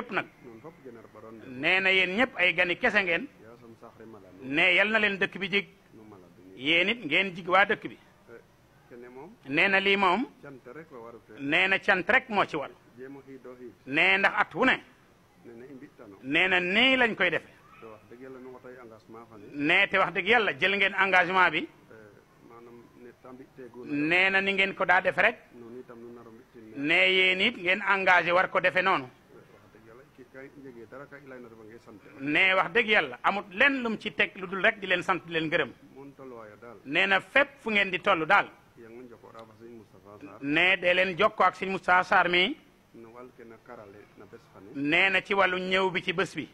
ñëpp nag nee na yéen ñëpp ay gani kese ngeen ne yal na leen dëkk bi jig yéen it ngeen jig waa dëkk bi eh, nee na lii moom nee na cant rek moo ci war nee ndax at wu ne nee na nii lañ koy defe nee te wax dëgg yàlla jël ngeen engagement bi eh, nee na ni ngeen ko daa defe rek nee yéen it ngeen engagé war ko defe noonu ne wax deug yalla amut len lum ci tek luddul rek di len sant di len gërem nee na fépp fu ngeen di tollu dal ne de len jokko ak seigne Moustapha sar mi nee na ci walu ñew bi ci bëss bi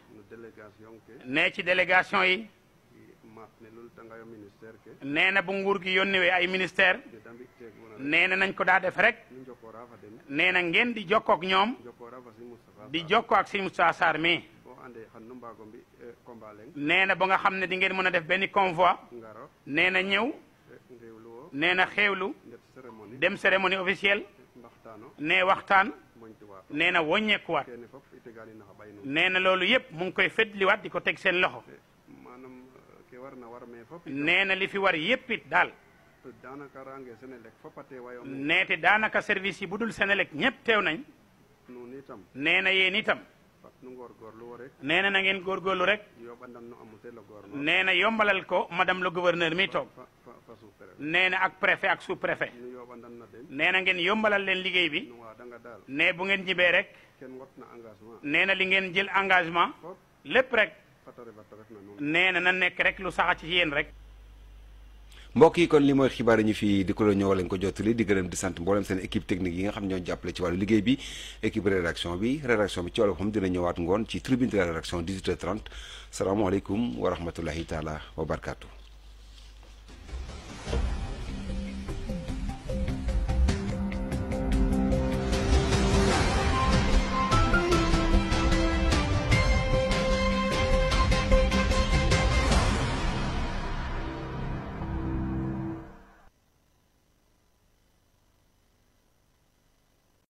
ne ci délégation yi nee na bu nguur gi way ay ministère nee na nañ ko da def rek nee na ngeen di jokkook ñoom di jokkoo ak si mussa saar mi nee na ba nga xam ne di ngeen mën a def benn convoi nee na ñëw nee na xeewlu dem cérémonie officielle nee waxtaan nee na woññeekuwaat nee na loolu yëpp mu ngi koy fetliwaat di ko teg seen loxo nee na li fi war yëpp it daal nee te daanaka service yi bu dul Senelec ñëpp teew nañ nee na yéen itam. nee na na ngeen góorgóorlu rek. nee na yombalal ko madame le gouverneur mi toog. nee na ak préfet ak sous préfet. nee na ngeen yombalal leen liggéey bi. nee bu ngeen ñibbee rek. nee na li ngeen jël engagement. lépp rek. nee na na nekk rek lu sax ci yéen rek. mbokk yi kon li mooy xibaar yi ñu fi di ko la ñëw lañ ko jottali di gërëm di sant mboolem seen équipe technique yi nga xam ñoo jàppale ci wàllu liggéey bi équipe rédaction bi rédaction bi ci wàllu xam dina ñëwaat ngoon ci tribune de la rédaction 18h30 salaamaaleykum wa rahmatullahi taala wa barakaatu.